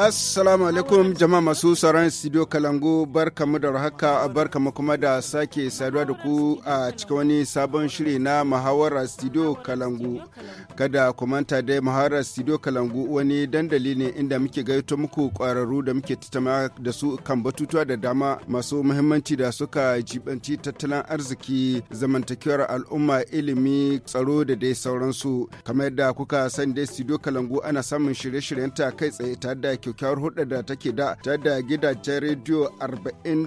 Assalamu alaikum jama'a masu sauran studio Kalangu kamu da haka barkamu kuma da sake saduwa da ku a cikin wani sabon shiri na muhawarar studio Kalangu. Kada ku manta dai muhawarar studio Kalangu wani dandali ne inda muke gaito muku kwararru da muke tattama da su kan batutuwa da dama masu muhimmanci da suka jibanci tattalin arziki zamantakewar al'umma ilimi tsaro da dai sauransu. Kamar yadda kuka sani dai studio Kalangu ana samun shirye ta kai tsaye tare da kyakkyawar hudu da take da ta da gidajen rediyo 41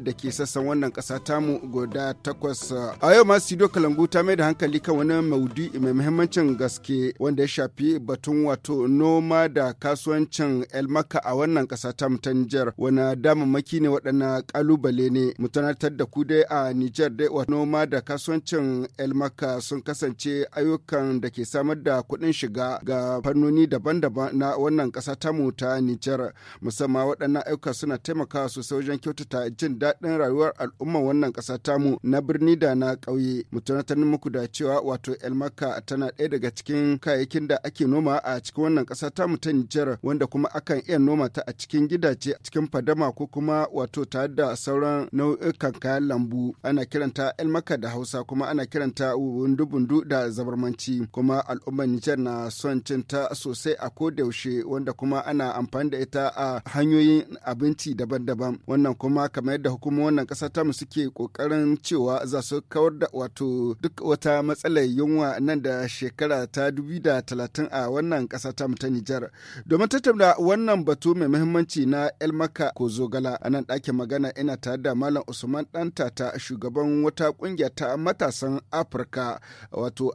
da ke sassan wannan kasa tamu guda takwas. A yau ma studio Kalangu ta mai da hankali kan wani maudu mai muhimmancin gaske wanda ya shafi batun wato noma da kasuwancin elmaka a wannan tamu ta Nijar wani damammaki ne waɗannan kalubale ne mu da ku dai a Nijar dai wa noma da kasuwancin elmaka sun kasance ayyukan da ke samar da kuɗin shiga ga fannoni daban-daban na wannan ƙasa tamu ta Nijar musamman waɗannan ayyuka suna taimakawa sosai wajen kyautata jin daɗin rayuwar al'umma wannan ƙasa tamu na birni da na ƙauye. Mu tunatar muku da cewa wato Elmaka tana ɗaya daga cikin kayayyakin da ake noma a cikin wannan ƙasa tamu ta Nijar wanda kuma akan iya noma ta a cikin gidaje a cikin fadama ko kuma wato tare da sauran nau'ikan kayan lambu ana kiranta Elmaka da Hausa kuma ana kiranta wundubundu da zabarmanci kuma al'ummar Nijar na son cin ta sosai a kodayaushe wanda kuma ana amfani da ita a hanyoyin abinci daban-daban wannan kuma kamar yadda hukumar wannan ƙasa tamu suke kokarin cewa za su kawar da wato duk wata matsalar yunwa nan da shekara ta talatin a wannan kasata tamu ta Nijar domin tattauna wannan batu mai muhimmanci na Elmaka ko Zogala a nan ɗakin magana ina tare da Malam Usman Ɗanta ta shugaban wata kungiya ta matasan Afirka wato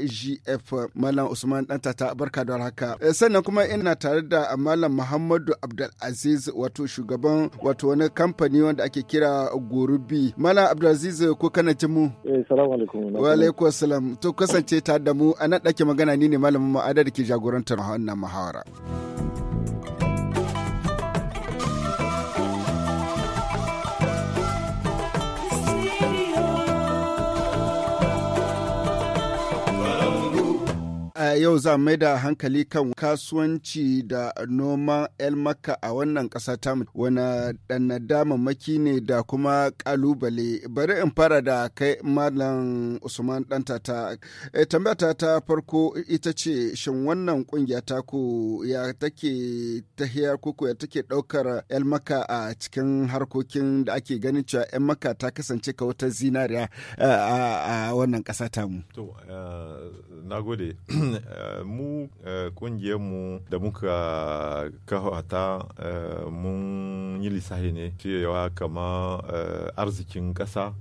IGF Malam Usman Ɗanta ta barka da haka eh, sannan kuma ina tare da Malam Malam Muhammadu Abdulaziz wato shugaban wato wani kamfani wanda ake kira Gurubi. Mala Abdulaziz ko kana ji mu? Eh salamu alaikum. Wa To kasance ta da mu a nan ɗake magana ni ne malamin ma'adar da ke jagorantar wannan muhawara. a yau za mai da hankali kan kasuwanci da noman elmaka a wannan ƙasa ta wani ɗan damammaki ne da kuma ƙalubale bari in fara da kai malam usman ɗanta eh, ta tambata ta farko ita ce shin wannan ƙungiya ta ku ya take tahiya koko ya take ɗaukar elmaka a cikin harkokin da ake ganin cewa elmaka ta kasance wata zinariya eh, a wannan ƙasa ta mu. Eh, na gode Eh, mu eh, kungiyar mu da muka kawata eh, mun yi lissafi ne cewa kama arzikin ƙasa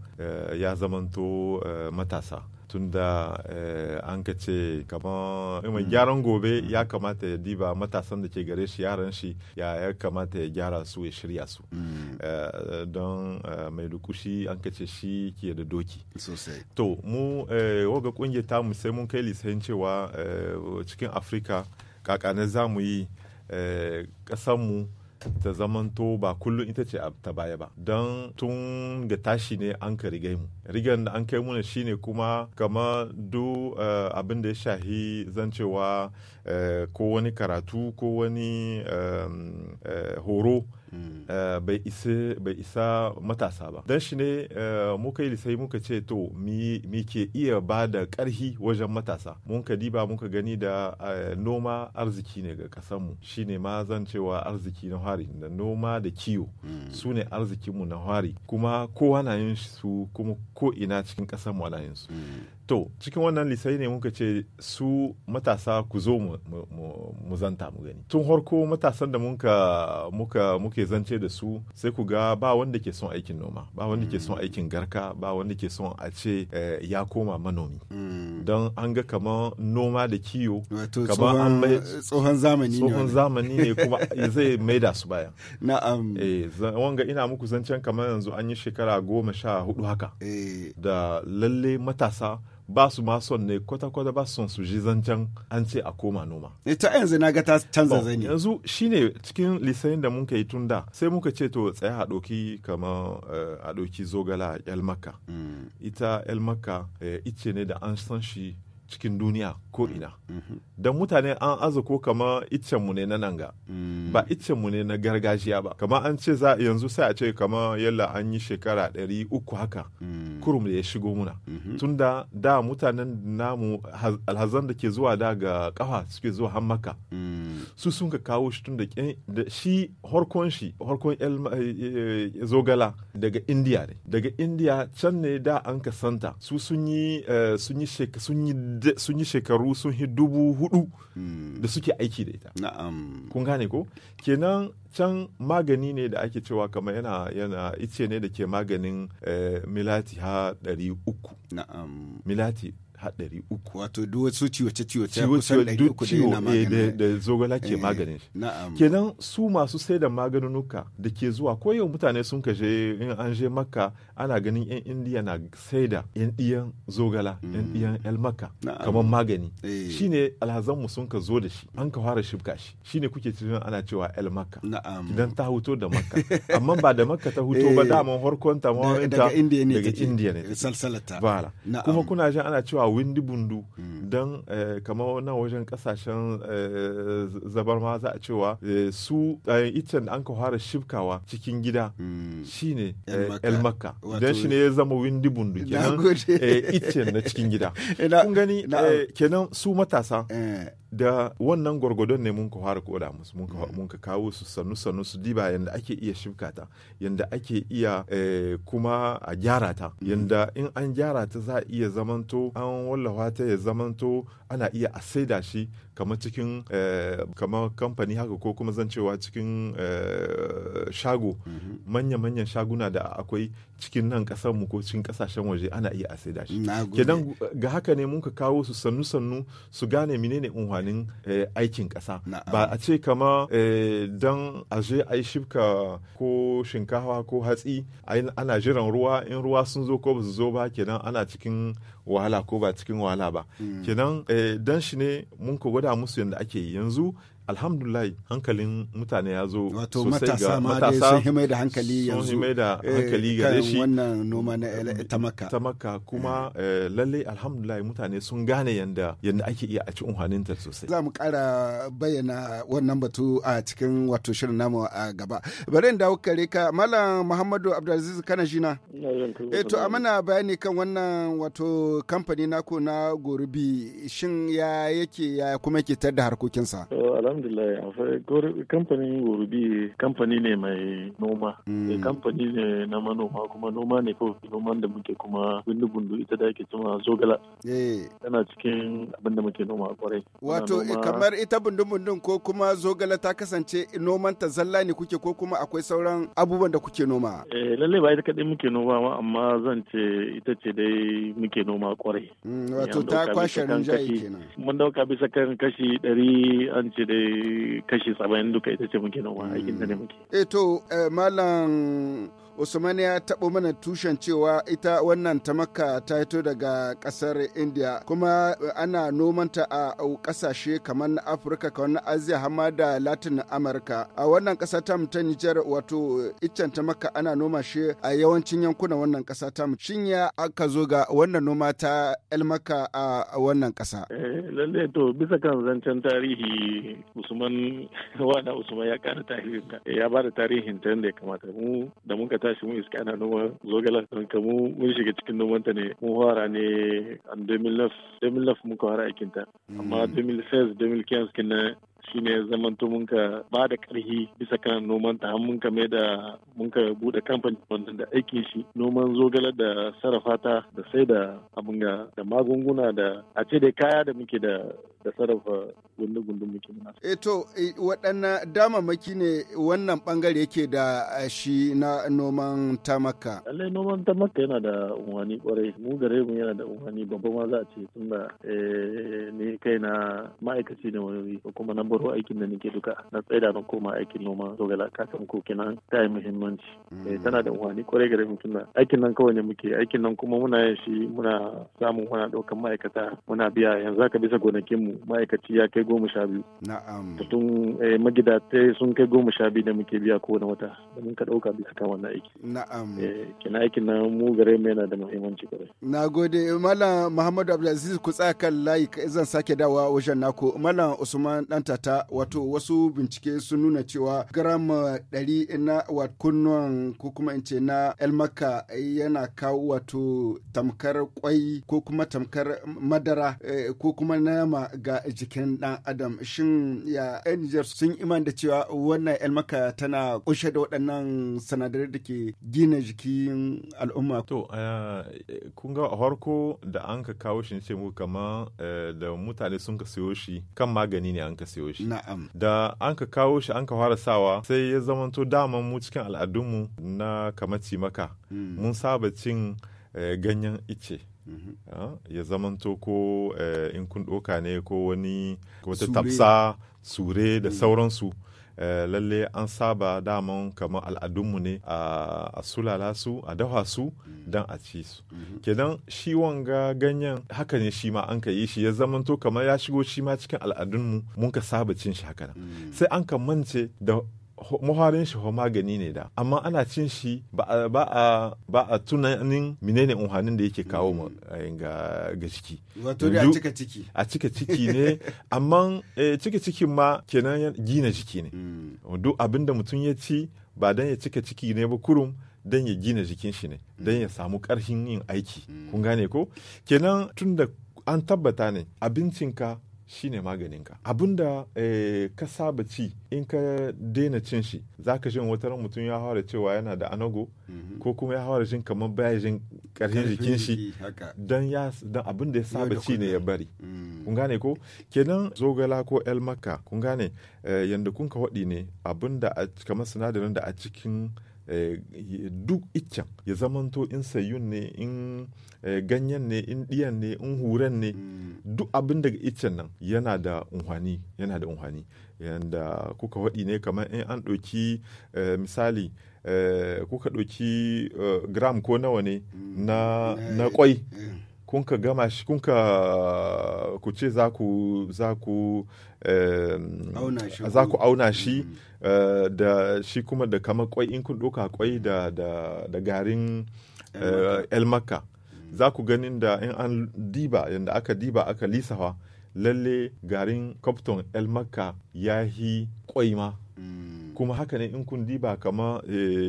ya zamanto matasa tunda eh, an ka ce kamar mm. gyaran gobe mm. ya kamata ya diba matasan da ke gare shi yaran shi ya ya kamata ya gyara su ya shirya su mm. eh, don eh, mai lukushi an ka shi ke da doki sosai. to mu waga kungiyar mu sai mun kai lisan cewa cikin afirka kakanin zamu yi kasan mu ta zamanto ba kullum ita ce ta baya ba don tun ga tashi ne an ka rigai mu rigan da an kai muna shine kuma kama duk eh, abin da ya shahi zancewa Eh, ko wani karatu ko wani eh, horo hmm. eh, bai isa matasa ba don shi ne muka yi lisai muka ce to mi ke iya ba da ƙarhi wajen matasa mun ka diba muka gani da noma arziki ne ga kasanmu. shi ne ma zan cewa arziki na hari da noma da kiwo hmm. su ne arzikinmu na hari kuma kowa na yin su kuma ko ina cikin kasanmu ana yin su hmm. to cikin wannan lisai ne muka ce su matasa ku zo mu zanta mu gani tun harko matasan da muka muka muke zance da su sai ku ga ba wanda ke son aikin noma ba wanda ke son mm. aikin garka ba wanda ke son a ce eh, ya koma manomi mm. don an ga kamar noma da kiyo kamar an mai eh, tsohon zamani ne tsohon zamani ne kuma zai maida su baya na'am eh wanga ina muku zancen kamar yanzu an yi shekara goma sha hudu haka eh. da lalle matasa ba su ma son ne kwata-kwata ba son su ji zancen an ce a koma noma. E eh, ta yanzu na ga ta canza zani. Yanzu shi ne cikin lisayin da muka yi tun da sai muka ce to tsaya a ɗoki kamar eh, a ɗoki zogala yalmaka. Mm. Ita yalmaka eh, ice ne da an san shi cikin duniya ko mm-hmm. ina mm-hmm. da mutane an aza ko kama mu ne na nan ga mm. ba mu ne na gargajiya ba kama an ce za yanzu sai a ce kama yalla an yi shekara ɗari uku haka mm. kurum da ya shigo muna mm-hmm. tunda da mutanen namu alhazan da ke zuwa da ga kafa suke zuwa hammaka mm. su sun ka kawo shi tun da shi harkon shi harkon eh, eh, zogala daga indiya ne daga indiya can ne da an ka santa su sun yi eh, shekaru sun yi dubu hudu hmm. da suke aiki da ita kun gane ko kenan can magani ne da ake cewa kama yana yana ice ne da ke maganin milati ha 300 milati haɗari uku. Wato duk wasu ciwace-ciwace kusan ɗari uku ciwo yana eh, maganin. da zogala ke eh, maganin. shi. Kenan su masu sai da maganunuka da ke zuwa ko yau mutane sun kashe in an je makka ana ganin 'yan indiya na sai da 'yan ɗiyan zogala 'yan mm. ɗiyan el makka kamar magani. Eh. Shi ne alhazanmu sun ka zo da shi an ka fara shibka shi shi ne kuke cikin ana cewa el makka. Idan ta huto da makka amma ba da makka ta huto ba daman farkon ta daga indiya ne. Daga indiya ne. Salsalata. Kuma kuna jin ana cewa windi bundu hmm. don eh, kamar na wajen kasashen eh, zabar ma za a cewa eh, su iccen da an ka fara shifkawa cikin gida hmm. shine el makka don shi ne ya zama windi bundu kenan iccen na cikin gida kun gani kenan su matasa da wannan gwargwadon ne mun ka fara koda musu mun ka mm. kawo su sannu sannu su diba yadda ake iya shimka ta yadda ake iya eh, kuma a gyara ta mm. yadda in an gyara ta za a iya zamanto an wallafa ta ya zamanto ana iya a saida shi kamar cikin eh, kamar kamfani haka ko kuma zan cewa cikin eh, shago mm-hmm. manya-manyan shaguna da akwai cikin nan kasar mu ko cikin kasashen waje ana iya a saida shi ga haka ne mun ka kawo su sannu sannu su gane menene unhwani amfanin eh, aikin ƙasa ba a ce kama eh, don a je a yi shibka ko shinkafa ko hatsi ana jiran ruwa in ruwa sun zo ko ba su zo ba kenan ana cikin wahala ko ba cikin wahala ba mm. kenan eh, don shi ne mun ko gwada musu yadda ake yi yanzu alhamdulillah hankalin mutane ya zo wato matasa ma dai sun himai da hankali yanzu sun himai da eh, hankali gare shi wannan noma na tamaka tamaka kuma eh. Eh, lalle alhamdulillah mutane sun gane yanda yanda ake iya a ci ta sosai za mu kara bayyana wannan batu a cikin wato shirin namu a gaba bari in dawo kare ka malam muhammadu abdulaziz kana jina eh to amana bayani kan wannan wato kamfani naku na gorubi shin ya yake ya kuma ke tar da harkokinsa alhamdulillah kamfanin gorubi kamfani ne mai noma mm. eh, kamfani ne na manoma kuma noma ne ko noman da muke kuma gundu-gundu ita da ake cewa zogala eh. tana cikin abin da muke noma kwarai wato kamar ita bundun-bundun ko kuma zogala ta kasance noman ta zalla ne kuke ko kuma akwai sauran abubuwan da kuke noma eh lalle ba ita kadai muke noma ba amma zan ce ita ce dai muke noma kwarai mm, wato ta kwashe rinjaye kenan mun dauka bisa kan kashi 100 an ce dai kashi saba'in duka ita ce muke wa aikin da ne muke. E to eh, malam usman ya taɓa mana tushen cewa ita wannan makka ta hito daga ƙasar india kuma ana nomanta a ƙasashe kamar na afirka kamar na asia hama da latin america a wannan ƙasa ta ta nijar wato iccen makka ana noma shi a yawancin yankunan wannan ƙasa ta shin ya aka zo ga wannan noma ta elmaka a wannan ƙasa eh, lalle to bisa kan zancen tarihi usman wada usman ya kara tarihin ya ba da tarihin ta yadda ya kamata mu da muka tashi mun iska ana noma zogala don ka mu mun shiga cikin noman ta ne mun fara ne a 2009 2009 hmm. mun fara aikin ta amma 2016 2015 shi ne zaman to ka. ba da karhi bisa kan noman ta ka mai da ka bude kamfani wanda da aikin shi noman zogala da sarrafa ta da sai da abin da magunguna da a ce da kaya da muke da da sarrafa gundu gundun muke muna. E to, eh, waɗanne damamaki ne wannan ɓangare yake da eh, shi na noman tamaka? Lallai noman tamaka yana da umarni ƙwarai, mu gare mu yana da umarni babba ma za a ce tun da ni kai na ma'aikaci ne wani wuri kuma na baro aikin da nake duka na tsaida na koma aikin noma dogala kasan ko kenan ta yi muhimmanci. Tana da umarni ƙwarai gare mu tun da aikin nan kawai ne muke aikin nan kuma muna yin shi muna samun muna ɗaukan ma'aikata muna biya yanzu haka bisa gonakin mu ma'aikaci ya kai goma sha biyu. Na'am. Mutum eh, magidatai sun kai goma sha biyu da muke biya kowane wata da mun ka ɗauka bisa kan wannan aiki. Na'am. Eh, Kina aikin na mu gare mu yana da muhimmanci gare. Na gode Malam Muhammadu Abdulaziz ku tsaya kan layi zan sake dawa wajen naku. Malam Usman Dantata wato wasu bincike sun nuna cewa gram ɗari na kunnuwan ko kuma in ce na elmaka yana kawo wato tamkar kwai ko kuma tamkar madara eh, ko kuma nama ga jikin dan adam shin ya 'yan Nijar sun iman da cewa wannan 'yan maka tana kunshe da waɗannan sanadarai da ke gina jikin al'umma. To, kun ga a farko da an ka kawo shi ce mu kama eh, da mutane sun ka siyo shi kan magani ne an ka siyo shi. Da an ka kawo shi an ka fara sawa sai ya zamanto daman mu cikin al'adunmu na kamaci maka. Hmm. Mun saba cin eh, ganyen ice. ya zamanto ko eh, in kun ɗoka ne ko wani wata tafsa sure da mm. sauransu eh, lalle an saba daman kamar al'adunmu ne a sulala su a dafa su mm. don a ci su mm-hmm. kenan shi wanga ganyen haka ne shi ma an ka yi shi ya zamanto kamar ya shigo shi ma cikin al'adunmu mun ka saba cin shi haka mm. sai an ka mance da muharin shi magani ne da amma ana cin shi ba a tunanin menene unhanin da yake kawo mu mm. eh, ga ga ciki wato da cika ciki a cika ciki ne amma eh, cika cikin ma kenan gina jiki ne mm. duk abinda mutum ya ci ba dan ya cika ciki ne ba kurum dan ya gina jikin shi ne mm. dan ya samu karfin yin aiki kun gane ko kenan tunda an tabbata ne abincinka shi shine maganinka abinda da eh, ka saba ci in ka daina cin shi za ka jin wata mutum ya da cewa yana da anago mhm. ko kuma ya da jin kamar baya jin karshen jikin shi don abin da ya saba ci ne ya bari mm. kun gane ko kenan zogala ko el makka kun gane eh, yadda kun ka waɗi ne abin da kamar sinadarin da a cikin Eh, duk iccen ya zamanto in sayun ne in eh, ganyen ne in ɗiyan ne in huren ne mm. duk abin daga iccen nan yana da unhwani yana da unhwani yanda kuka waɗi ne kamar in an ɗauki eh, misali kuka ɗauki gram ko nawa ne mm. na kwai kun ka gama shi kun ka ku ce za ku za ku eh, za ku auna shi mm. eh, da shi kuma da kamar kwai in kun ɗauka kwai da da garin el eh, makka mm. za ku ganin da in an diba yadda aka diba aka lisawa lalle garin kofton el makka ya yi kwai ma mm. kuma haka ne in kun diba kama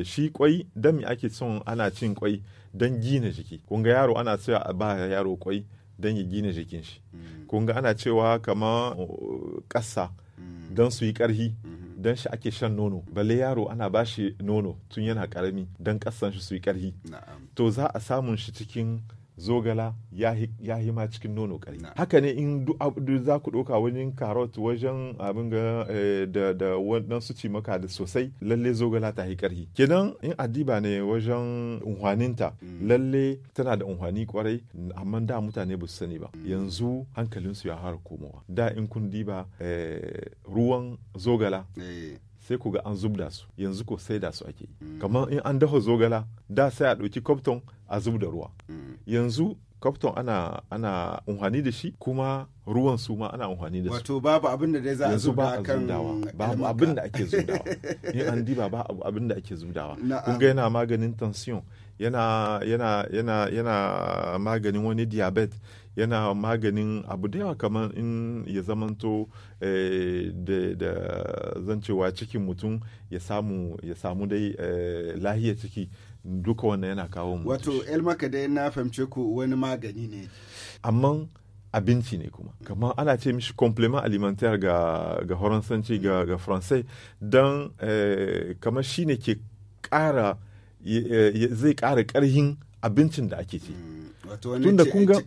shi kwai dami ake son ana cin kwai don gina jiki kun yaro ana cewa a ba yaro kwai don ya gina jikin shi mm. kun ana cewa kama uh, ƙasa mm. don su yi ƙarhi mm-hmm. don shi ake shan nono balle yaro ana ba shi nono tun yana ƙarami don ƙasan shi su yi ƙarhi to za a samun shi cikin zogala ya yi ma cikin nono kari. haka ne in za ku ɗauka wajen carrot wajen abin ga eh, da su ci maka da sosai lalle zogala ta yi ƙarfi kenan in adiba ne wajen unhwaninta mm. lalle tana da unhwani kwarai amma da mutane ba su sani ba mm. yanzu hankalinsu ya har komowa da in kun diba eh, ruwan zogala eh. sai ku ga an zubda su yanzu ko sai da su ake mm. kamar in an dafa zogala da sai a ɗauki kwabton a zub da ruwa mm. yanzu kafton ana ana unhani da shi kuma ruwan su ma ana unhani da su wato babu abin da dai za a zuba kan babu abin da ake zudawa in an diba ba abin da ake zudawa kun ga yana maganin tension yana yana yana yana maganin wani diabetes yana maganin abu da yawa kamar in ya zamanto eh, da zancewa cikin mutum ya samu ya samu dai eh, lahiyar ciki duka wannan yana kawo mu wato elmaka dai na fahimce ku wani magani ne amma abinci ne kuma kamar ana ce mishi complement alimentaire ga ga horonsanci ga ga francais dan eh, kamar shine ke kara eh, zai kara karhin abincin da ake ci hmm. tunda kunga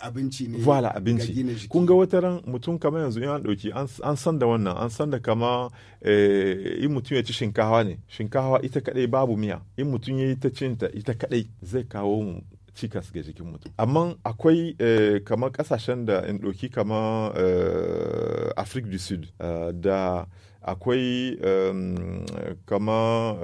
abinci ne wala abinci kunga wata ran mutum kamar yanzu in an dauki an san da wannan an san da kama eh, in mutum ya ci shinkawa ne shinkawa ita kadai babu miya in mutum ta cin ta ita kadai zai kawo mu cikas ga jikin mutum amma akwai eh, kamar kasashen da in ɗauki kamar eh, afirka du sud da akwai kama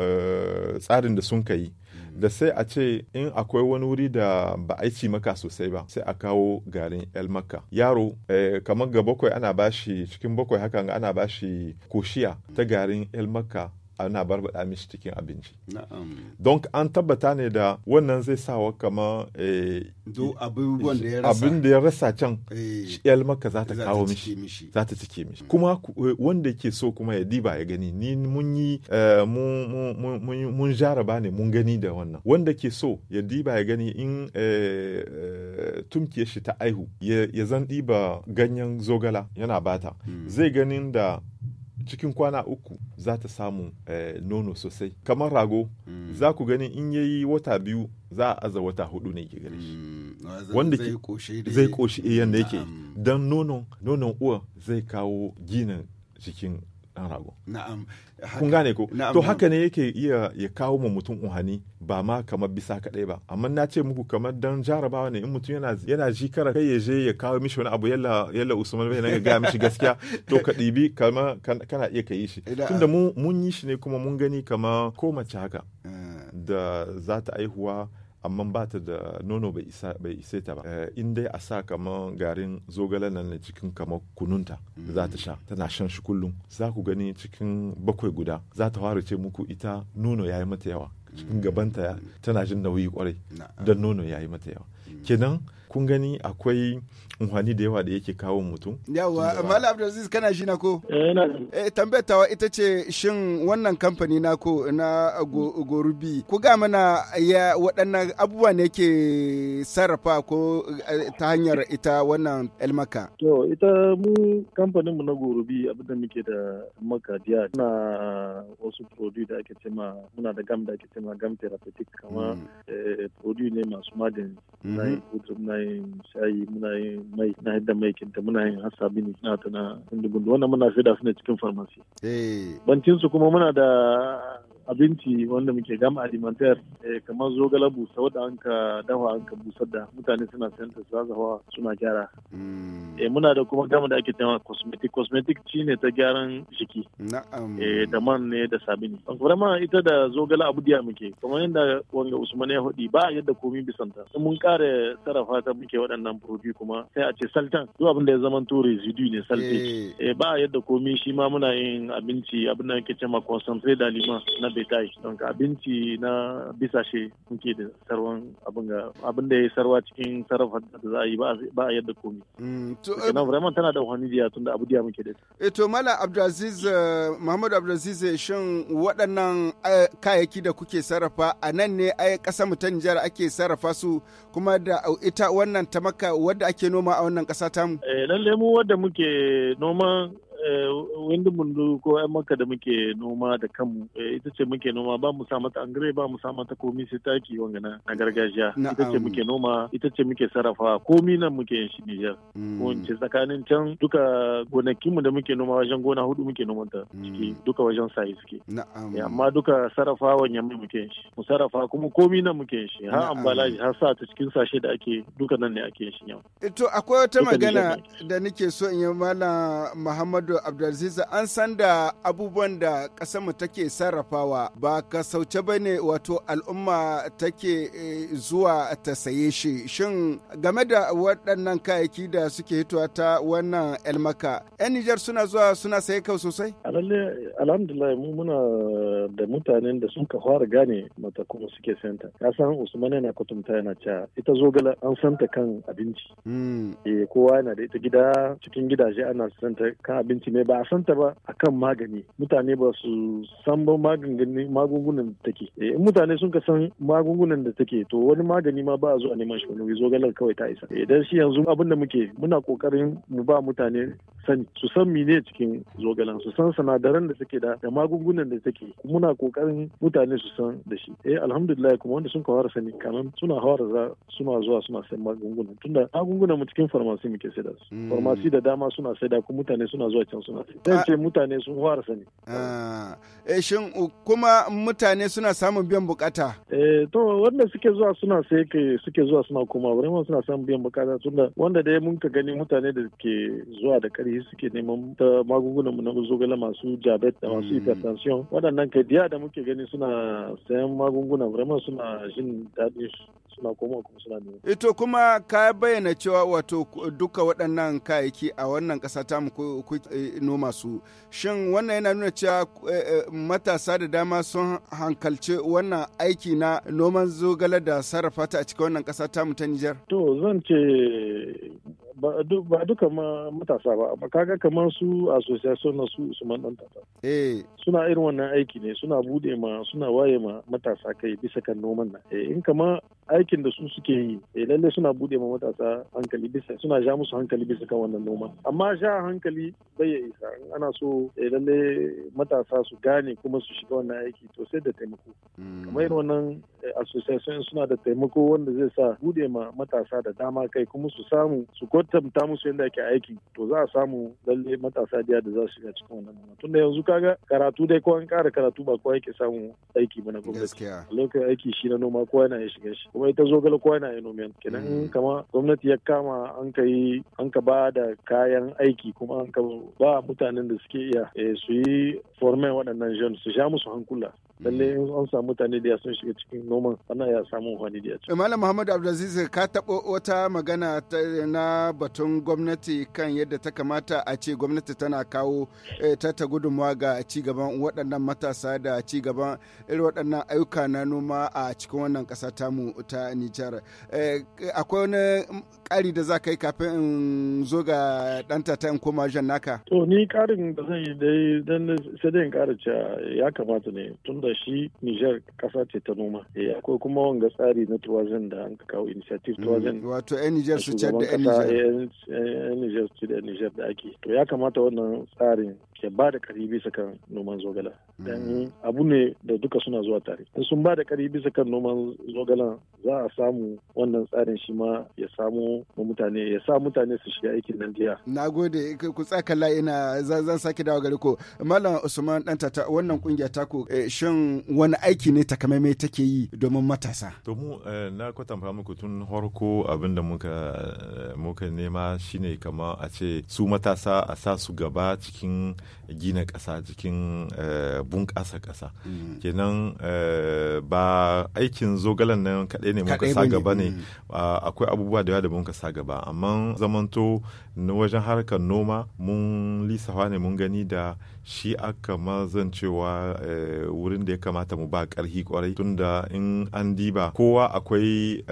tsarin da sun kai da sai a ce in akwai wani wuri da ba a ci maka sosai ba sai a kawo garin el maka yaro eh, kamar ga bakwai ana bashi cikin bakwai hakan ana bashi koshiya ta garin el maka ana barbada mishi cikin abinci. Don an tabbata ne da wannan zai sawa kama eh, abin da ya rasa can shiyal eh, maka za ta kawo mishi za ta cike mishi. Mm. Kuma eh, wanda ke so kuma ya diba ya gani ni mun yi mun jaraba ne mun gani da wannan. Wanda ke so ya diba ya gani in tumke shi ta aihu ya zan diba ganyen zogala yana bata. Mm. Zai ganin da cikin kwana uku za ta samu eh, nono sosai kamar rago mm. za ku gani in yayi wata biyu za a aza wata hudu ne ke gare shi mm. wanda zai koshi eh, yadda yake don nonon uwa zai kawo ginin cikin. dan rago na'am kun gane ko to haka ne yake iya ya kawo ma mutum uhani ba ma kamar bisa kaɗai ba amma na ce muku kamar dan jarabawa ne in mutum yana yana ji kara kai ya je ya kawo mishi wani abu yalla yalla Usman bai nan ga mishi gaskiya to ka ɗibi kamar kana iya ka yi shi tunda mu mun yi shi ne kuma mun gani kamar ko mace haka eh. da za ta aihuwa amma ba ta da nono bai isa ta ba eh, in dai a sa kamar garin zogale nan ne cikin kamar kununta za ta sha tana shan shi kullum za ku gani cikin bakwai guda za ta ce muku ita nono yayi mata yawa cikin gabanta tana jin nauyi kwarai don nono yayi mata yawa kenan kun gani akwai wani da yawa da yake kawo mutum yawa malam abdulaziz kana shi na ko eh, eh tambayatawa ita ce shin wannan kamfani na ko na gorubi ku ga mana ya waɗannan abubuwa ne ke sarrafa ko eh, ta hanyar ita wannan elmaka to ita mu kamfanin mu na gorubi abinda muke da Elmaka diya na wasu produce da ake ce muna da gam da ake ce gam therapeutic kama mm. eh, produce ne masu magani na yin kutu mm-hmm. yin shayi muna yin mai na hidda mai kinta muna yin hassa bini na ta na gundu wannan muna shaida su ne cikin farmasi. Eh. Bancin su kuma muna da abinci wanda muke gama alimantar eh, kamar zogala busa wadda an ka dafa an ka busar da mutane suna sayan ta suna gyara. Mm. Eh, muna da kuma gama da ake cewa cosmetic cosmetic ci ne ta gyaran jiki. Eh, da man ne da sabini. Kuma ita da zogala abu diya muke kamar yadda wanga Usman ya hudi ba yadda komi ta. Mun kare sarrafa ta muke waɗannan produce kuma sai a ce saltan duk abin da ya zama to residue ne saltage. ba yadda komi shi ma muna yin abinci abin da ake cewa concentrate da lima tashi don abinci na bisashe nke da sarwan abin da ya sarwa cikin sarrafa da za a yi ba a yadda komi. Mm, n'a vraiment tana da wani jiya tun da abu diya muke da E to Mala Abdulaziz eh, Muhammadu Abdulaziz eh, shin waɗannan kayayyaki da kuke sarrafa a nan ne ai ƙasa mu ta Nijar ake sarrafa su kuma da ita wannan tamaka wadda ake noma a wannan ƙasa tamu. Lallai mu wadda muke noman. Eh, wanda mundu ko yan maka da muke noma da kanmu eh, ita ce muke noma ba mu sa mata angare ba mu sa mata komi sai taki wanga na gargajiya ita ce muke noma ita ce muke sarrafa komi nan muke yin shi Nijar mm. ko in ce tsakanin can duka gonakin mu da muke noma wajen gona hudu muke noma ta mm. ciki duka wajen sai suke eh, amma duka sarrafa wa mai muke yin shi mu sarrafa kuma komi nan muke yin shi har ambalaji har sa ta cikin sashe da ake duka nan ne ake yin shi yau to akwai wata magana da nake so in yi mallam Muhammad Abdul Abdulaziz an san da abubuwan da mu take sarrafawa ba ka sauce ba ne wato al'umma take eh, zuwa ta saye shi. Shin game da waɗannan kayayyaki da suke hitowa ta wannan elmaka, 'yan Nijar suna zuwa suna saye kau sosai? Alhamdulillah mu muna da mutanen da sun ka fara gane mata kuma suke senta. Ya san Usman yana kutumta yana ca ita zogala an santa kan abinci. Hmm. Eh kowa yana da ita gida cikin gidaje ana santa kan abinci abinci ne ba a santa ba akan magani mutane ba su san ba magungunan da take eh, in mutane sun ka san magungunan da take to wani magani ma ba a zo a neman shi wani galar kawai ta isa idan eh, shi yanzu abin da muke muna kokarin mu ba mutane sani su san mine cikin zogalan su san sanadaran da take da da magungunan da take muna kokarin mutane su san da shi eh alhamdulillah kuma wanda sun kawar sani kaman suna hawar suna zuwa suna sayan magungunan tunda magungunan mu cikin farmasi muke sai su mm. farmasi da dama suna sai da kuma mutane suna zuwa lokacin suna zan ce mutane sun fara sani ah. eh shin kuma mutane suna samun biyan bukata eh to wanda suke zuwa suna sai ke suke zuwa suna koma wurin suna samun biyan bukata tunda wanda dai mun ka gani mutane da ke zuwa da karhi suke neman ta magungunan mu na zogale masu jabet da masu mm. hypertension waɗannan kai diya da muke gani suna sayan magunguna vraiment suna jin daɗi suna koma kuma suna neman ito eh, kuma ka bayyana cewa wato duka waɗannan kayayyaki a wannan ƙasa ta mu Eh, noma su shin wannan yana nuna cewa eh, eh, matasa da dama sun hankalce wannan aiki na noman zogale da sarrafa ta a cikin wannan ƙasa tamu ta Nijar? To zan ce ba duka matasa ba amma kaga kamar su association na su Usman man eh suna irin wannan aiki ne suna bude ma suna waye ma matasa kai bisa kan noman na eh in kama aikin da su suke yi eh, lalle suna bude ma matasa hankali bisa suna ja musu hankali bisa kan wannan noma amma ja hankali bai ya isa ana so eh, lalle matasa su gane kuma su shiga wannan aiki to sai da taimako hmm. kamar irin wannan eh, association suna da taimako wanda zai sa buɗe ma matasa da dama kai kuma su samu su kwatanta musu yadda ake aiki to za a samu lalle matasa da da za su shiga cikin wannan noma tunda yanzu kaga karatu dai ko an kara karatu ba kowa yake samu aiki ba na gwamnati a lokacin aiki shi na noma kowa yana ya shiga shi kuma ita zo zogale kowa yana inomin kenan mm. kama gwamnati ya kama an ka an ka ba da kayan aiki kuma an ka ba mutanen da suke iya eh, su yi formen waɗannan jan su sha musu hankula lalle mm. in an samu mutane da sun shiga cikin noman ana ya samu wani da ya malam muhammadu abdulaziz ka taɓo wata magana na batun gwamnati kan yadda ta kamata a ce gwamnati tana kawo eh, ta ta gudunmawa ga ci gaban waɗannan matasa da ci gaban irin waɗannan ayyuka na noma a cikin wannan ƙasa tamu ta nijar eh, akwai wani ƙari da za ka yi kafin in zo ga ɗanta ta in koma jan naka to ni ƙarin da zan yi dai dan sai dai in ƙara ya kamata ne tunda da shi Nijar kasa ce ta noma. Eh akwai kuma wanga tsari na tuwajen da an kawo initiative mm. tuwajen. Wato yan Nijar su ce da yan Nijar. Yan Nijar su ce da yan Nijar da ake. To ya kamata wannan tsarin ke ba da ƙari bisa kan noman zogala mm. Don abu ne da duka suna zuwa tare da sun ba da ƙari bisa kan noman zogala za a samu wannan tsarin shi ma ya samu mutane ya sa mutane su shiga aikin nan jiya gode ku tsakala ina zan sake dawo gari ko malam usman dan tata wannan kungiya ta ku eh, shin wani aiki ne takamaimai take yi domin matasa to mu eh, na kwatanta muku tun harko abinda muka eh, muka nema shine kamar a ce su matasa a sa su gaba cikin gina ƙasa cikin eh, bunƙasa ƙasa mm. kenan eh, ba aikin zogalan nan kaɗai ne muka sa gaba ne mm. akwai abubuwa da yawa da muka sa gaba amma zamanto na wajen harkar noma mun lisafa ne mun gani da shi aka mazan cewa eh, wurin da ya kamata mu ba ƙarhi kwarai tunda in an diba kowa akwai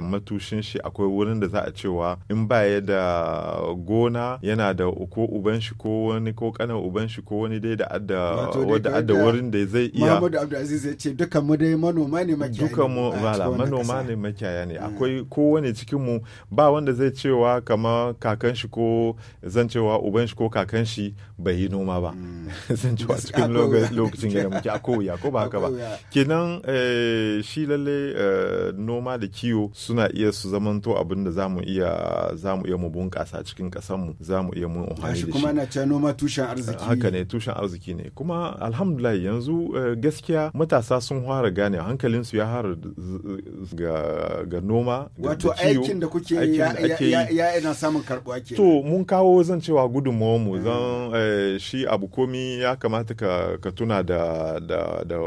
matushin shi akwai wurin da za a cewa in ba ya da gona yana da ko uban shi ko wani ko uban shi ko wani dai da adda wadda adda wurin da zai iya Muhammadu Abdulaziz ya ce dukan mu dai manoma ne makiyaya dukan mu wala manoma ne makiyaya ne ah. akwai kowane cikin mu ba wanda zai cewa kama kakan shi ko zan cewa uban shi ko kakan shi bai yi noma ba hmm. zan cewa cikin lokacin ya muke ako ya ko ba haka ba kenan eh, shi lalle eh, noma da kiwo suna iya su zamanto abin da zamu iya zamu iya mu bunkasa cikin kasan mu zamu iya mu ohani da shi kuma na ce noma tushen arziki arziki haka ne tushen arziki ne kuma alhamdulillah yanzu eh, gaskiya matasa sun fara gane hankalinsu su ya fara ga noma wato aikin da kuke ya yana samun karbuwa ke to mun kawo zan cewa gudunmawar mu hmm. zan eh, shi abu komi ya kamata ka tuna da da da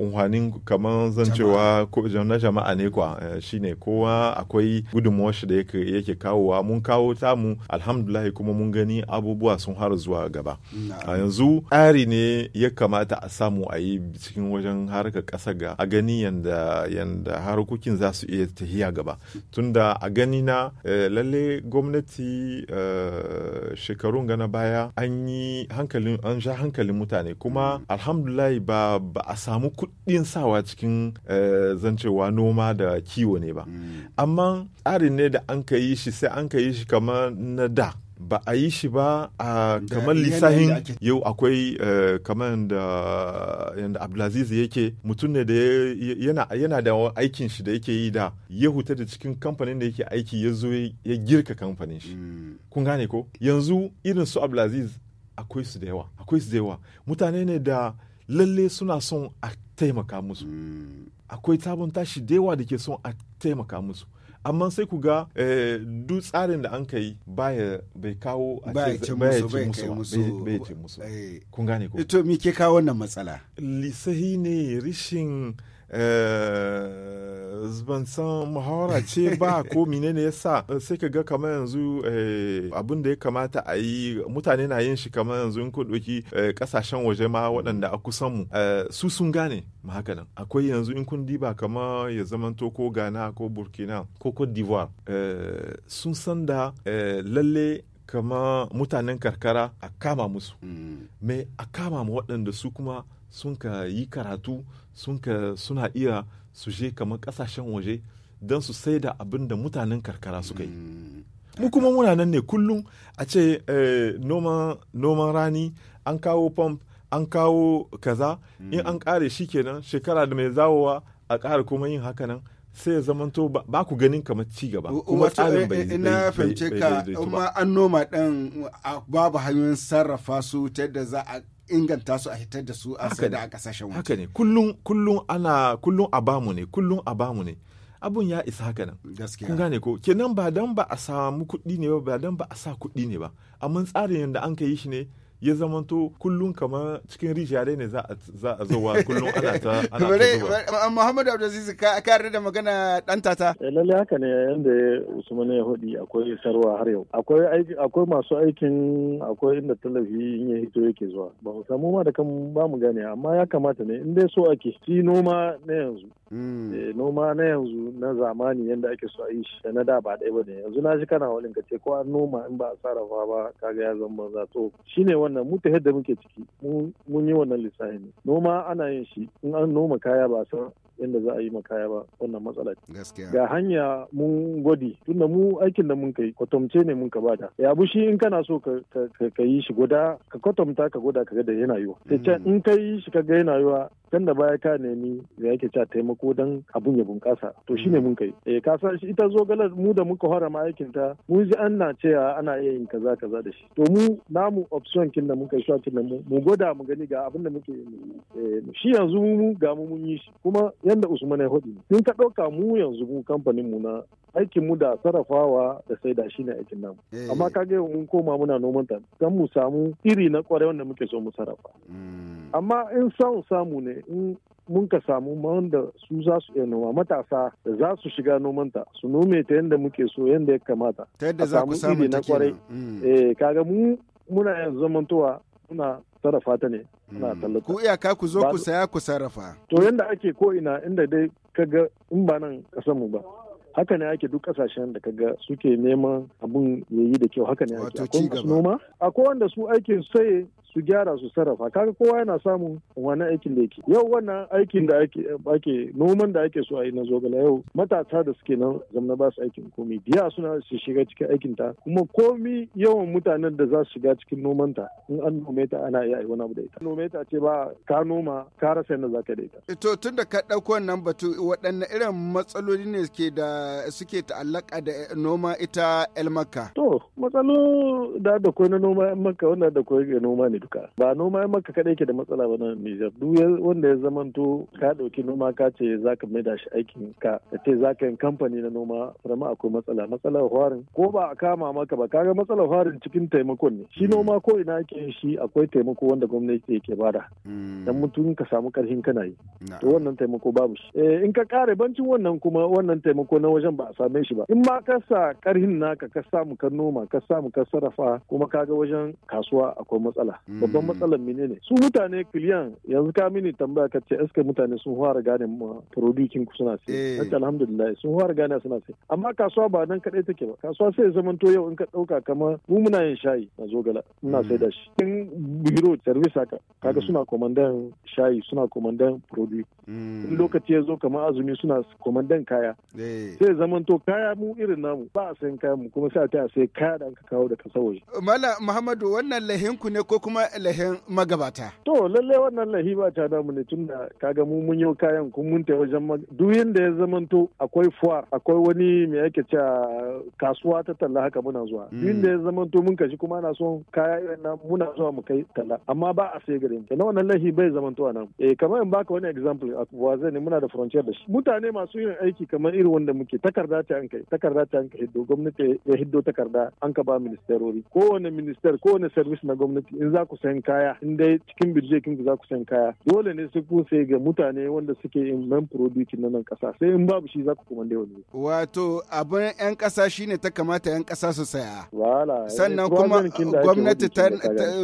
unhwanin kamar zan cewa na jama'a ne kwa eh, shine kowa akwai gudunmawar shi da yake kawowa mun kawo tamu alhamdulillah kuma mun gani abubuwa sun har zuwa gaba. Mm. a yanzu tsari ne ya kamata a samu a yi cikin wajen harkar kasa ga a gani yanda yanda harkokin za su iya tahiya gaba tunda a gani na eh, lalle gwamnati eh, shekarun gana baya an yi hankalin sha hankalin mutane kuma alhamdulahi ba ba a samu kuɗin sawa cikin eh, zancewa noma da kiwo ne ba mm. amma tsari ne da an ka yi shi sai an ka yi shi kamar na da ba a yi shi ba a kamar lissahin yau akwai eh, kamar da yadda abdulaziz yake mutum ne da yana da aikin shi da yake yi da ya huta da cikin kamfanin da yake aiki ya zo ya girka kamfanin shi hmm. kun gane ko yanzu irin su abdulaziz akwai su da yawa akwai su da yawa mutane ne da lalle suna son a taimaka musu hmm. akwai tabon tashi da yawa da ke son a taimaka musu amma sai ku ga eh, duk tsarin da an ka yi baya bai kawo a ce baya ce musu baya ce eh. musu kun gane ko ito me ke kawo wannan matsala lisahi ne rishin ban san mahawara ce ba ko menene ya sa eh, sai ka ga kamar yanzu eh, abin da ya kamata a yi mutane na yin shi kamar yanzu in kudoki kasashen eh, waje ma waɗanda a kusan mu su sun gane mahakanan akwai yanzu in kun diba kamar ya zamanto ko ghana ko burkina ko cote d'ivoire sun san da lalle kama mutanen karkara a kama musu mm. me a kama mu waɗanda su kuma sun ka yi karatu sun ka suna iya su je kamar kasashen waje don su sai da abin da mutanen karkara suka yi mm. mu kuma muna nan ne kullum a ce eh, noman rani an kawo pump an kawo kaza mm. in an kare shi kenan shekara da mai zawowa a kara kuma yin haka nan sai ya zamanto ba ku ganin kamar ci gaba kuma tsarin bai zai eh, eh, ina fahimce ka kuma an noma din babu hanyoyin sarrafa su ta yadda za a inganta su a hitar da su a sai da a kasashen waje haka ne kullum ana kullum a bamu ne kullum a bamu ne abun ya isa haka nan gaskiya kun gane ko kenan ba dan ba a samu kuɗi ne ba ba dan ba a sa kuɗi ne ba amma tsarin yadda an ka yi shi ne ya zamanto kullum kamar cikin rijiya ne za a zowa kullum ana ta ana zuwa. Muhammadu Abdulaziz ka yarda da magana dan tata. Eh, lalle haka ne yanda Usman ya hudi akwai sarwa har yau. Akwai akwai masu aikin akwai inda tallafi ya hito yake zuwa. Ba mu samu ma da kan ba mu gane amma ya kamata ne in dai so ake shi noma na yanzu. Hmm. Eh, noma na yanzu na zamani yanda ake so a yi shi da na da ba ɗaya ba ne yanzu na ji kana wani ka ce ko an noma in ba a sarrafa ba kaga ya zama za to shine wannan mu ta yadda muke ciki mun yi wannan lissafi ne noma ana yin shi in an noma kaya ba san yadda za a yi ma kaya ba wannan matsala gaskiya ga hanya mun gwadi tunda mu aikin da mun kai kwatamce ne mun ka bada ya bushi in kana so ka yi shi guda ka kwatamta ka gwada ka da yana yiwa mm. sai can in ka yi shi ka ga yana yiwa can da baya ka nemi da yake cewa taimako don abun ya bunƙasa to ne mm. mun kai eh ka san shi ita zogalar mu da muka fara ma aikin ta mun ji na cewa ana iya yin kaza kaza da shi to mu namu option aikin da muka shi aikin da mu goda mu gani ga abin da muke eh, shi yanzu mu ga mu mun yi shi kuma yanda Usman ya hodi in ka ɗauka mu yanzu mu kamfanin mu na aikin mu da sarrafawa da saida shi ne aikin namu eh. amma ka ga mun koma muna noman ta dan mu samu iri na kwarai wanda muke so mu sarrafa mm. amma in samu samu ne in mun ka samu wanda su za su iya noma matasa da za su shiga nomanta su nome ta yanda muke so yanda ya kamata ta yadda za ku samu na kenan mm. eh kaga mu muna yanzu zamantowa muna sarrafa ta ne na hmm. tallata ku iyaka ku zo ku saya ku sarrafa to yanda ake ko ina inda dai ka ga in ba nan kasar mu ba haka ne ake duk kasashen da kaga suke neman abun yayi da kyau haka ne ake Wato masu gaba. akwai wanda su aikin sai su gyara su sarrafa kaga kowa yana samun wani aikin da yake yau wannan aikin da ake noman da ake so a yi na zogala yau matasa da suke nan zamna ba su aikin komi biya suna su shiga cikin aikin ta kuma komi yawan mutanen da za su shiga cikin noman ta in an nome ta ana iya yi wani abu da ita nome ta ce ba ka noma ka rasa yadda za ka da ita. to tun da ka ɗauko wannan batu waɗanne irin matsaloli ne suke da suke ta'allaka da eh, noma ita elmaka. to matsalolin da da na noma elmaka wanda da koyi noma ne duka ba noma maka kadai ke da matsala ba na Nijar duk wanda ya zamanto ka dauki noma ka ce zaka maida shi aikin ka ka ce zaka yin kamfani na noma rama akwai matsala matsalar horin ko ba a kama maka ba kaga matsalar warin cikin taimakon ne shi noma ko ina ake shi akwai taimako wanda gwamnati yake bada hmm. dan mutum ka samu karhin kana yi to wannan taimako babu shi eh, in ka kare bancin wannan kuma wannan taimako na wajen ba a same shi ba in ma ka sa karhin naka ka samu ka noma ka samu ka sarrafa kuma kaga wajen kasuwa akwai matsala hmm. babban hmm. matsalar menene su mutane kiliyan yanzu ka mini tambaya ka ce eske mutane sun fara gane ma produkin ku suna sai eh. nace alhamdulillah sun fara gane suna sai amma kasuwa ba nan kadai take ba kasuwa sai zaman to yau in ka dauka kamar mu muna yin shayi na gala muna hmm. sai da shi in biro service haka kaga hmm. suna komandan shayi suna komandan produce in lokaci ya zo kamar azumi suna komandan kaya eh. sai zaman to kaya mu irin namu ba a san kaya mu kuma sai a sai kaya da aka kawo da kasa waje mala muhammadu wannan lahinku ne ko kuma kuma lahin magabata. To lallai wannan lahi ba ta damu ne tun da kaga mu mun yau kayan kun mun wajen duk yanda ya zamanto akwai fuwa akwai wani me yake cewa kasuwa ta talla haka muna zuwa. Duk hmm. yanda ya zamanto mun kashi kuma na son kaya irin nan muna zuwa mu kai talla amma ba a sai gare mu. Kenan wannan lahi bai zamanto a nan. Eh kamar in baka wani example a Wazai ne muna da frontier da shi. Mutane masu yin aiki kamar irin wanda muke takarda ta an kai takarda ta an kai hiddo gwamnati ya hiddo takarda an ka ba ministerori kowane minister kowane service na gwamnati in za ku sayan kaya in dai cikin birje kinku za ku sayan kaya dole ne su ku sai ga mutane wanda suke in man producing na nan kasa sai in babu shi za ku kuma dai wani wato abin yan kasa shine ta kamata yan kasa su saya wala eh, sannan kuma gwamnati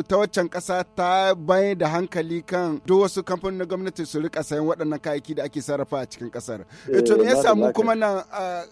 ta waccan kasa ta bai da hankali kan duk wasu kamfanin na gwamnati su rika sayan waɗannan kayayyaki da ake sarrafa a cikin kasar eh, to me yasa mu kuma nan ah,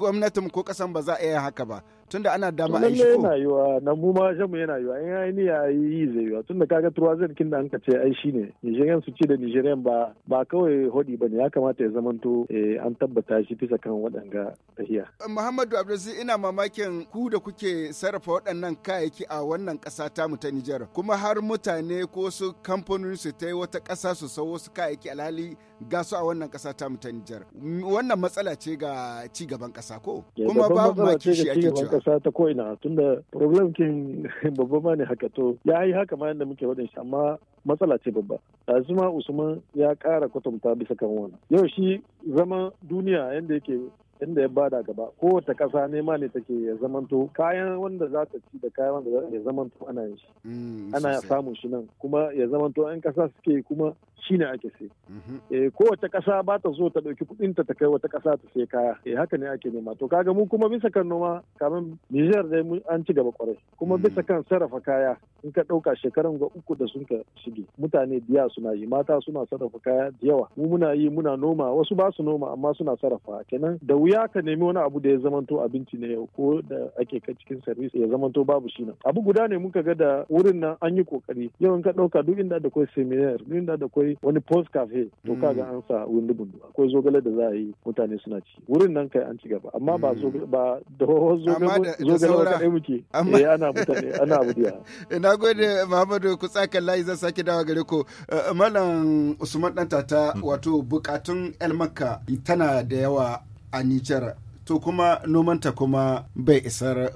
gwamnatin ko kasan ba za a iya haka ba tunda ana dama a shi ko yana yiwa na mu ma jamu yana yiwa in ai ni yi zai yiwa tunda kaga turwazin kin da an ce ai shine Nigerian su ce da Nigerian ba ba kawai hodi bane ya kamata ya zamanto eh, an tabbata shi bisa kan waɗanga tahiya Muhammadu Abdulaziz ina mamakin ku da kuke sarrafa waɗannan kayayyaki a wannan ƙasa ta mu ta Nijar kuma har mutane ko su kamfanoni su ta yi wata ƙasa su sawo su kayayyaki alhali gasu a wannan kasa ta mutan Nijar. Wannan matsala ce ga ci gaban kasa ko? Kuma ba ma kishi ake gaban kasa ta ko ina tunda problem kin babba ma ne haka to ya yi haka ma yanda muke wadin shi amma matsala ce babba. Yanzu ma Usman ya kara kwatanta bisa kan wannan. Yau shi zama duniya yanda yake inda ya bada gaba kowace ƙasa nema ne take ya zamanto kayan wanda za ta ci da kayan wanda ya zamanto ana yin shi mm, ana samun shi nan kuma ya zamanto an ƙasa suke kuma shi ne ake sai mm-hmm. eh kowace ƙasa ba ta so ta ɗauki kuɗin ta ta kai wata ƙasa ta sai kaya eh haka ne ake nema to kaga mu kuma bisa kan noma kamar Niger dai an ci gaba kwarai kuma mm. bisa kan sarrafa kaya in ka ɗauka shekaran ga uku da sun ka shige mutane biya suna yi mata suna sarrafa kaya da yawa mu muna yi muna noma wasu ba su noma amma suna sarrafa kenan da wuya ka nemi wani abu da ya zamanto abinci ne yau ko da ake ka cikin service ya zamanto babu shi nan abu guda ne muka ga da wurin nan an yi kokari yau in ka dauka duk inda da kwai seminar duk inda da kwai wani post cafe to ga an sa wundu bundu akwai zogale da za a yi mutane suna ci wurin nan kai an ci gaba amma ba hmm. ba da zogale kai muke eh ana mutane ana abu da na gode Muhammadu ku tsaka layi zan sake dawa gare ku eh, malam Usman dan tata hmm. wato bukatun El Makka tana da yawa a Nijar to kuma nomanta kuma bai isar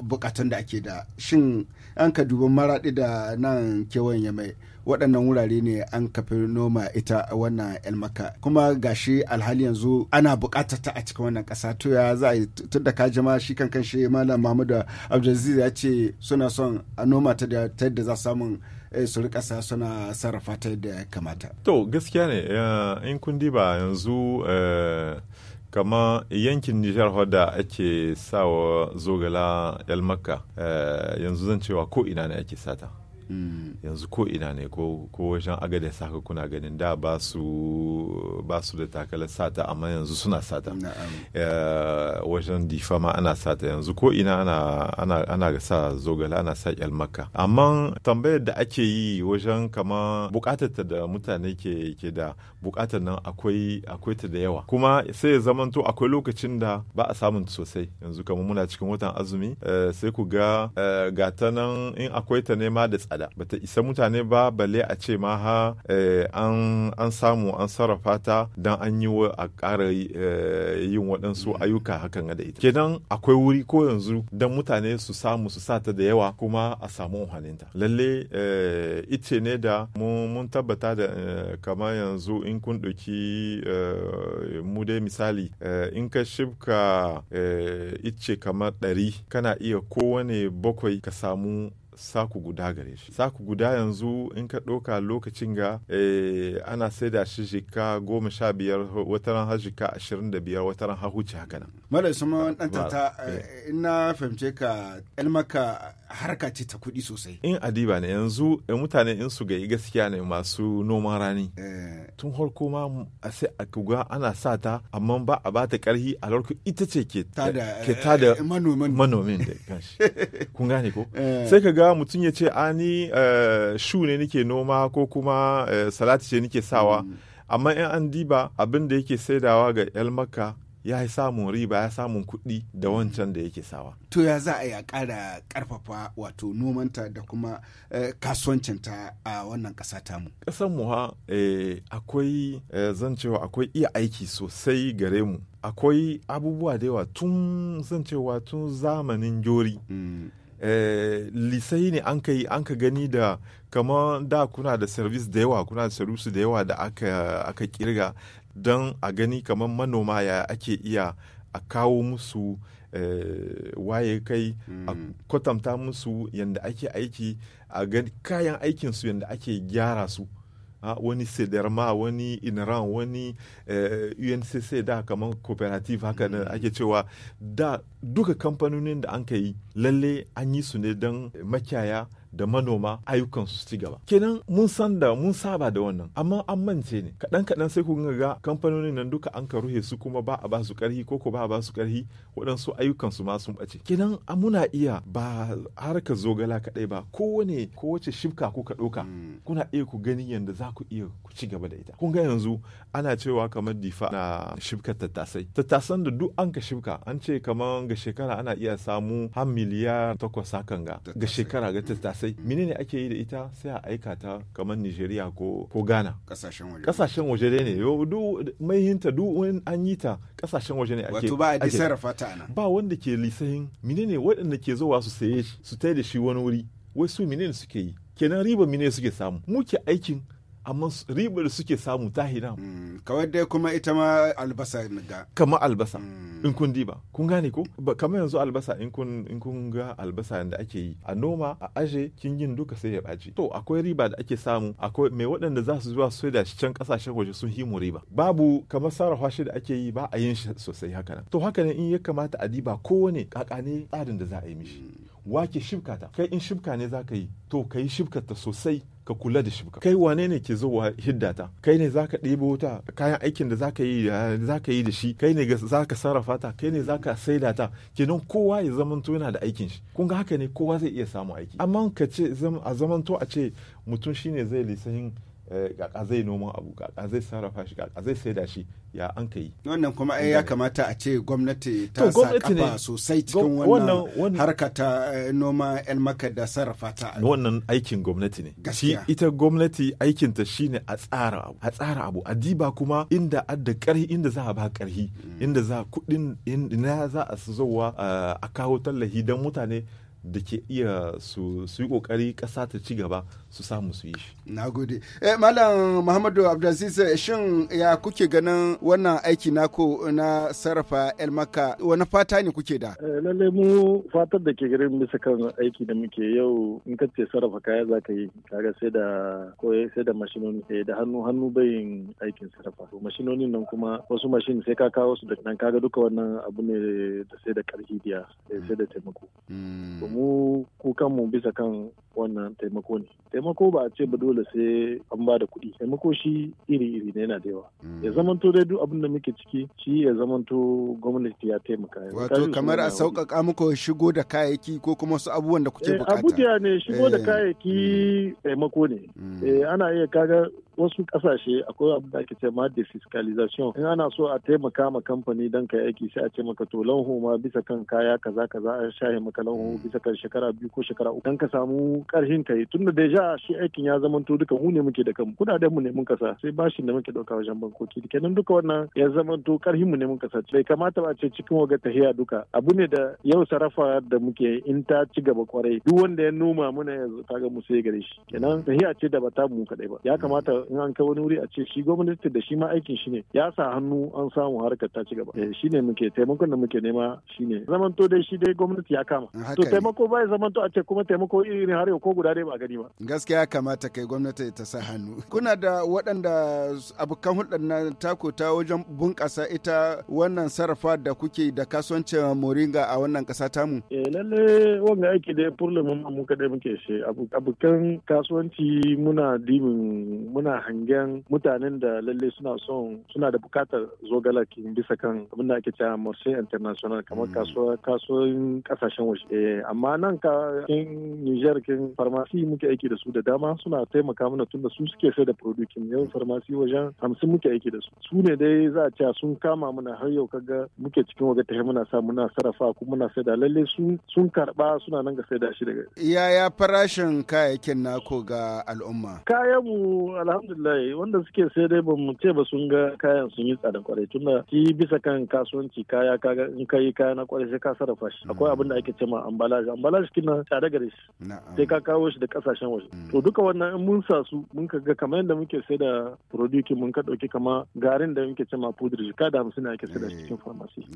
bukatun da ake da shin an ka dubi maraɗi da nan kewayen ya mai waɗannan wurare ne an kafi noma ita wannan elmaka kuma gashi alhali yanzu ana buƙatar ta a cikin wannan ƙasa to ya za a yi tun da kaji ma shi kankan shi malam mahmudu abdulaziz ya ce suna son a noma ta da ta yadda za samun su eh, rika sa suna sarrafa ta yadda ya kamata to gaskiya ne eh, in kun diba yanzu eh, kama yankin nijar da ake sawa zogala yalmaka eh, yanzu zan cewa ko ina ne ake sata yanzu ko ina ne ko wajen agada saka kuna ganin da ba su da takalar sata amma yanzu suna sata eh, wajen difama ana sata yanzu ko ina ana sa zogala ana sa makka amma tambayar da ake yi wajen kama bukatar da mutane ke da bukatar nan akwai ta da yawa kuma sai ya zamanto akwai lokacin da ba a samun sosai yanzu kama muna cikin watan azumi eh, sai ku ga eh, gata nan in akwai ta nema da ba bata isa mutane ba balle a ce ma ha eh, an samu an sarrafa ta don an yi wa a ƙara eh, yin waɗansu ayyuka hakan da ita kenan akwai wuri ko yanzu don mutane su samu su sata da yawa kuma a samu amfaninta lalle eh, ice ne da mun tabbata da kama yanzu in kun ɗauki mu dai misali in ka shibka ice kamar ɗari kana iya kowane bakwai ka samu saku guda gare shi saku guda yanzu in ka ɗauka lokacin ga eh, ana saida shi jika goma sha biyar wataran har jika ashirin da biyar wataran har huce haka nan. Mala ma ɗan tata eh. Eh, ina fahimce ka elmaka harka ce ta kuɗi sosai. In adiba ne yanzu mutane in su gayi gaskiya ne masu noman rani. Tun harko ma a sai a kuga ana sa ta amma ba a b'a ta karhi a larku ita ce ke tada manomin da kanshi. Kun gane ko? Sai ka ga mutum ya ce ani eh, shu ne nike noma ko kuma eh, salati ce nike sawa mm. amma in an diba abin da yake saidawa ga yan makka ya yi samun riba ya samun kuɗi da wancan da yake sawa. To ya za a yi a ƙara ƙarfafa wato nomanta da kuma eh, kasuwancinta a wannan ƙasa tamu. Ƙasar mu ha akwai zan cewa akwai iya aiki sosai gare mu. Akwai abubuwa da yawa tun zan cewa tun zamanin jori. Mm. Eh, lisai ne an ka an ka gani da kamar da kuna da service da yawa kuna da service da yawa da aka, kirga don a gani kamar manoma ya ake iya a kawo musu eh, waye kai a mm. kwatanta musu yadda ake aiki a kayan aikinsu yadda ake gyara su a ah, wani sederma wani inran wani eh, uncc da kamar cooperative haka mm. ake cewa da duka kamfanonin da an ka yi lalle an yi su ne don makiyaya da manoma ayyukan su ci gaba kenan mun san da mun saba da wannan amma an mance ne kaɗan kaɗan sai ku ga kamfanonin nan duka an ka ruhe su kuma ba a ba su karhi ko ko ba a ba su karhi waɗansu ayyukan su ma sun ɓace kenan muna iya ba harka zogala kaɗai ba kowane kowace shifka kuka ɗauka mm. kuna iya ku gani yadda za ku iya ku ci gaba da ita kun ga yanzu ana cewa kamar difa na shifkar tattasai tattasan da duk an ka shifka an ce kamar ga shekara ana iya samu har miliyar takwas hakan ga ga shekara ga tattasai kasai menene ake yi da ita sai a aika ta kamar Nigeria ko ko Ghana kasashen waje kasashen waje ne yo du maihinta du an yi ta kasashen waje ne ake wato ba a sarrafa ta nan ba wanda ke lisahin menene waɗanda ke zuwa su saye shi su tai da shi wani wuri wai su menene suke yi kenan riba menene suke samu muke aikin amma ribar suke samu ta hina. Mm, kawai dai kuma ita ma albasa ga. Kama albasa. Mm. in kun diba kun gane ko kamar yanzu albasa in kun in kun ga albasa da ake yi a noma a aje kin yin duka sai ya baci to akwai riba da ake samu akwai mai waɗanda za su zuwa su da shi can ƙasashen waje sun himu riba babu kamar sarrafa shi da ake yi ba a yin shi sosai haka nan to haka ne in ya kamata a diba kowane kakane tsarin da za a yi mishi wake shibka ta kai in shibka ne za ka yi to ka yi shibkar ta sosai ka kula da shibka kai wane ne ke hidda ta kai ne zaka ɗebo ta kayan aikin da zaka yi eh, zaka yi da shi kai ne zaka sarrafa ta kai ne zaka saida ta kenan kowa ya zamanto yana da aikin shi kun ga haka ne kowa zai iya samu aiki amma ka ce a zamanto a ce mutum shine zai lisa yin Eh, kaka zai noman abu kaka zai sarrafa shi kaka zai saida shi ya an ka yi wannan kuma ai ya kamata a ce gwamnati ta sa kafa sosai cikin wannan harka ta eh, noma yan maka da sarrafa ta wannan aikin gwamnati ne shi ita gwamnati aikin ta shine a tsara abu a tsara abu a diba kuma inda adda karhi inda za a ba karhi mm. inda za kudin ina za a zowa eh, a kawo tallahi don mutane da ke iya su yi kokari kasa ta ci gaba su samu su yi shi. Na gode. Eh, Malam Muhammadu Abdulaziz eh, shin ya kuke ganin wannan aiki ko na sarrafa elmaka wani fata ne kuke da? Eh, lalle mu fatar da ke garin bisa kan aiki da muke yau in ka ce sarrafa kaya za ka yi kaga sai da koyi sai da mashinoni sai eh, da hannu hannu bayin aikin sarrafa. Mashinonin nan kuma wasu mashin sai ka kawo su da nan kaga duka wannan abu ne da sai da karfi diya sai da taimako. Hmm. mu kukan mu bisa kan wannan taimako ne taimako ba a ce ba dole sai an ba da kuɗi taimako shi iri-iri ne yana da yawa mm. ya zamanto dai duk abin da muke ciki shi ya zamanto gwamnati ya taimaka wato kamar a sauƙaƙa muku shigo da kayayyaki ko kuma su abubuwan da kuke eh, bukata abubuwa ne shigo da eh. kayayyaki mm. taimako ne mm. eh, ana iya kaga wasu kasashe akwai abu da ake ce ma defiscalization in ana so a taimaka ma kamfani don ka aiki sai a ce maka to lanho ma bisa kan kaya kaza kaza a shahe maka lanho mm. bisa kan shekara biyu ko shekara uku don ka samu karhin kai da deja shi aikin ya zama to duka mu ne muke da kanmu kudaden mu ne mun kasa sai bashin da muke dauka wajen bankoki nan duka wannan ya zama to karhin mu ne mun kasa bai kamata ba ce cikin waga tahiya duka abu ne da yau sarrafa da muke in ta ci gaba kwarai duk wanda ya noma muna yanzu kaga mu sai gare shi kenan tahiya ce da ba ta mu kadai ba ya kamata in an kai wani wuri a ce shi gwamnati da shi ma aikin shi ne ya sa hannu an samu harkar ta ci gaba eh, shi ne muke taimakon da muke nema shi ne zamanto dai shi dai gwamnati ya kama to taimako bai zamanto a ce kuma taimako irin har yau ko guda dai ba gani ba gaskiya kamata kai gwamnati ta sa hannu kuna da waɗanda abokan hulɗar na tako ta wajen bunƙasa ita wannan sarrafa da kuke da kasuwancin moringa a wannan ƙasa tamu eh lalle wannan aiki dai problem mu muka dai muke shi abokan kasuwanci muna dimin muna hangen mutanen da lalle suna son suna da bukatar zogala bisa kan abin da ake cewa marché international kamar mm. kasuwan kasashen waje eh, amma nan ka kin Niger kin farmasi muke aiki da su da dama suna taimaka mana tun da su suke sai da produkin yau farmasi wajen hamsin muke aiki da su su ne dai za a cewa sun kama mana har yau kaga muke cikin waje ta muna sa muna sarrafa kuma muna sai da lalle su sun karba suna nan ga sai da shi daga yaya farashin kayayyakin nako ga al'umma kayan mu alhamdulillah wanda suke sai dai ba mu ce ba sun ga kayan sun yi tsada kwarai tunda shi bisa kan kasuwanci kaya kaga in ka yi kaya na kwarai sai ka sarrafa shi mm. akwai abin da ake cewa ambalage ambalage kina tsada gare shi sai ka kawo shi da kasashen waje mm. to duka wannan in mun sa su mun ka ga kamar yadda muke sai da produce mun ka dauki kama garin da muke cewa pudir jika da hamsin ake sai da eh. cikin pharmacy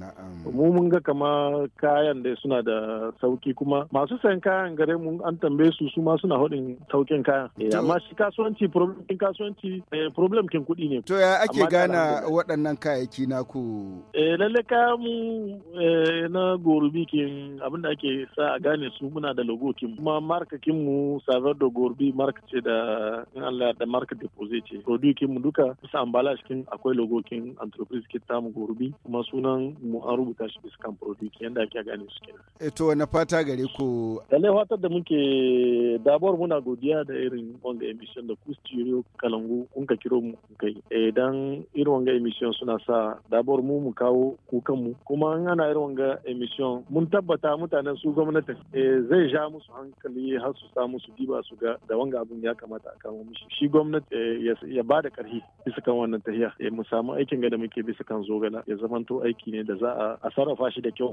mu mun ga kama kayan da suna da sauki kuma masu sayan kayan gare mu an tambaye su su ma suna hudin saukin kayan eh, amma shi kasuwanci problem kasuwanci kasuwanci eh, problem kin kuɗi ne. To ya ake gana waɗannan kayayyaki naku? Eh lalle kayan mu eh, na gorobi kin abinda ake sa a gane su muna da logo kin kuma marka kin mu savar da gorbi mark ce da in Allah da mark deposit ce. Produit kin mu duka bisa ambalage kin akwai logo kin entreprise kin tamu gorbi kuma sunan mu an rubuta shi bisa kan produit kin yanda ake gane su kenan. Eh to wani fata gare ku? Lalle fatar da muke dabar muna godiya da irin wanga emission da ku studio kalangu kun ka kiro mu kun kai eh, dan irin wanga emission suna sa dabar mu mu kawo kukan mu kuma an ana irin wanga emission mun tabbata mutanen su gwamnatin eh, zai ja musu hankali har su sa musu diba su ga da wanga abun ya kamata a kawo mishi shi gwamnati eh, ya ba da karhi bisa kan wannan tahiya mu samu aikin ga da muke bisa kan zogala ya zamanto aiki ne da za a sarrafa shi da kyau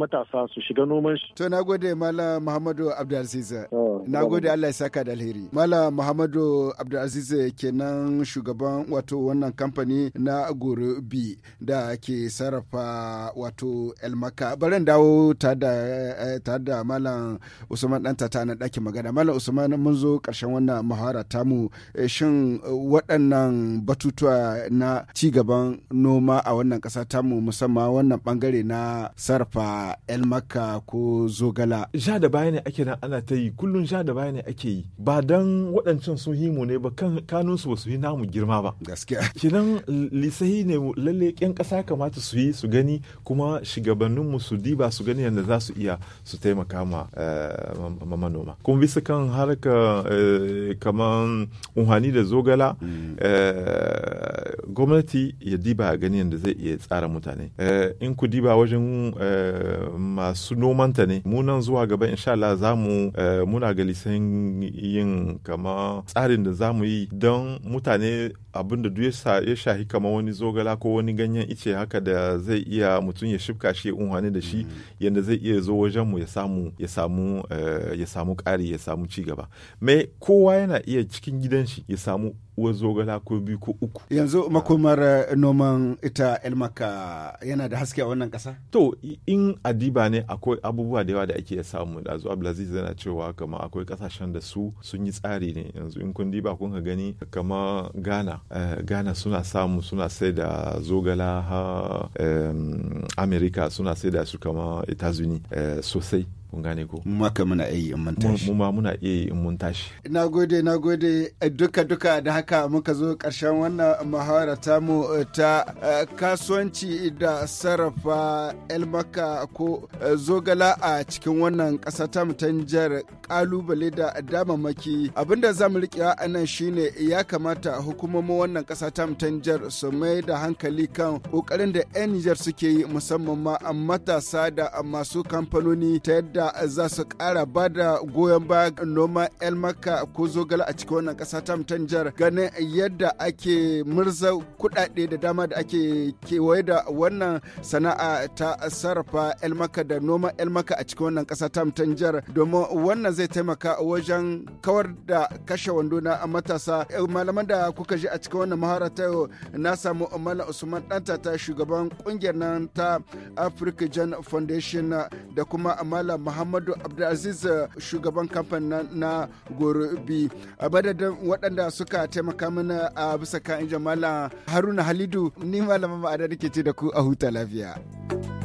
matasa su shiga noman shi to nagode malam muhammadu abdulaziz oh, nagode Allah ya saka da alheri malam muhammadu abdulaziz kenan shugaban wato wannan kamfani na gurbi da ke sarrafa wato elmaka barin dawo ta da eh, malam usman ɗanta ta na ɗakin magana malam usman mun zo ƙarshen wannan muhara tamu eh, shin eh, waɗannan batutuwa na cigaban noma a wannan ƙasa tamu musamman wannan ɓangare na sarrafa elmaka ko zogala ja da baya ne ake nan ana ta yi kullum ja da baya ne ake yi ba dan waɗancan sun himu ne ba kan kanunsu ba su yi namu girma ba gaskiya kinan lisahi ne lalle yan ƙasa kamata su yi su gani kuma mu su diba su gani yadda za su iya su taimaka ma eh, manoma kuma bisa kan harka eh, kaman unhani da zogala mm. eh, gwamnati ya diba gani yadda zai iya tsara mutane in ku diba wajen masu nomanta ne Mu nan zuwa gaba insha Allah za mu muna ga lisan yin kama tsarin da za mu yi don mutane abin da duk ya shahi kamar wani zogala ko wani ganyen ice haka da zai iya mutum ya shifka shi unhani da shi mm. yadda zai iya zo wajen mu ya samu ya eh, ya samu ci gaba mai kowa yana iya cikin gidan shi ya samu uwar zogala ko biyu ko uku yanzu makomar eh, noman ita elmaka yana da haske a wannan ƙasa to in adiba ne akwai abubuwa da yawa da ake samu da zuwa abdulaziz yana cewa kama akwai kasashen da su sun yi tsari ne yanzu in kun diba kun ka gani kama ghana Eh, ghana suna samu suna sai da zogala ha amerika suna sai da su kama etazuni eh, sosai kun gane ko mu maka muna iya yi in mun tashi mu ma muna iya yi in mun tashi na gode na gode duka duka da haka muka zo ƙarshen wannan muhawara eh, ta mu eh, ta kasuwanci da sarrafa elmaka ko eh, zogala a cikin wannan kasa ta mu kalubale da damamaki abinda mu riƙe a nan shine ya kamata hukumomin wannan kasa ta mu tanjar su mai da hankali kan kokarin da 'yan Nijar suke yi musamman ma matasa da masu kamfanoni ta yadda da za su kara ba da goyon baya noma el maka ko zogala a cikin wannan kasa ta mutanjar ganin yadda ake murza kudade da dama da ake kewaye da wannan sana'a ta sarrafa el maka da noma el maka a cikin wannan kasa ta mutanjar domin wannan zai taimaka wajen kawar da kashe wando na matasa eh, malaman da kuka je a cikin wannan mahara ta yau na samu malam usman ɗanta ta shugaban kungiyar nan ta african foundation da kuma malam muhammadu abdulaziz eh, shugaban kamfanin na gorobi a badadin waɗanda suka taimaka mana a bisa kan jamala haruna halidu ni malama ma'adar ke ce da ku a huta lafiya.